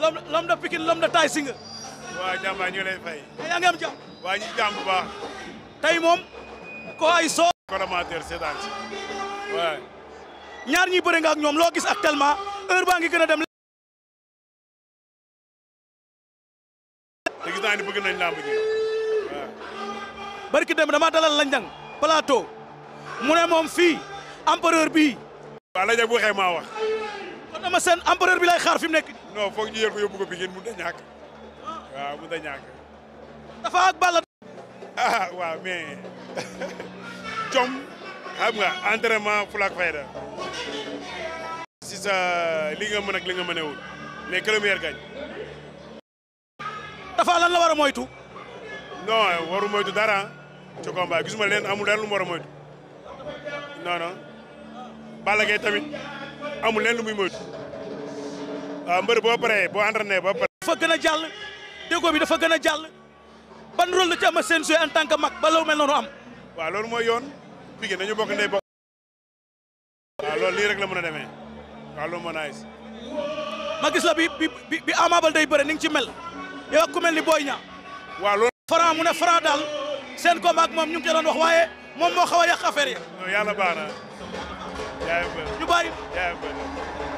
lambda l'homme de Pikine l'homme Tay Singh wa jàmbaar ñu lay fay ya ngi am jàmm waa ñu jàmm bu baax tay mom ko ay soo coramanteur seetaan si waaw ñaar ñi bëri nga ak ñom lo gis ak tellement heure ba nga gëna dem te tane bëgg nañ làmb ji waaw barki dem dama dalal lañ njang plateau mune mom fi empereur bi wa la njang bu waxee ma wax Eumeu Sène empereur bi xaar fi nekk. non foog ñu yër ko yóbbu ko Pikine mënut a ñàkk waaw mënut Balla. ah waaw jom xam nga entraînement fulaak fayda. si sa li nga mën ak li nga mënewul mais que le meilleur gagne. lan la war a moytu. non waru moytu dara ci combat leen amul dara lu moytu non non Balla Gaye tamit. amul leen lu muy moytu waaw mbër boo paree boo entraîné ba pare. dafa gën a jàll déggoo bi dafa gën a jàll ban rôle la ci a seen joué en tant que mag ba law mel noonu am. waa lool mooy yoon Pikine nañu bokk ndey bokk. waaw loolu lii rek la mën a demee waaw loolu moo nice. ma gis la bi bi bi amaa Baldé day bëre ni nga ci mel yow mel ni Boy Niang. waaw loolu. Franc mu ne Franc daal seen combat ak moom ñu ngi wax waaye. moom moo xaw a yàq affaire yi. non yàlla baax na. yaa ngi bëri ñu bàyyi. yaa ngi bëri.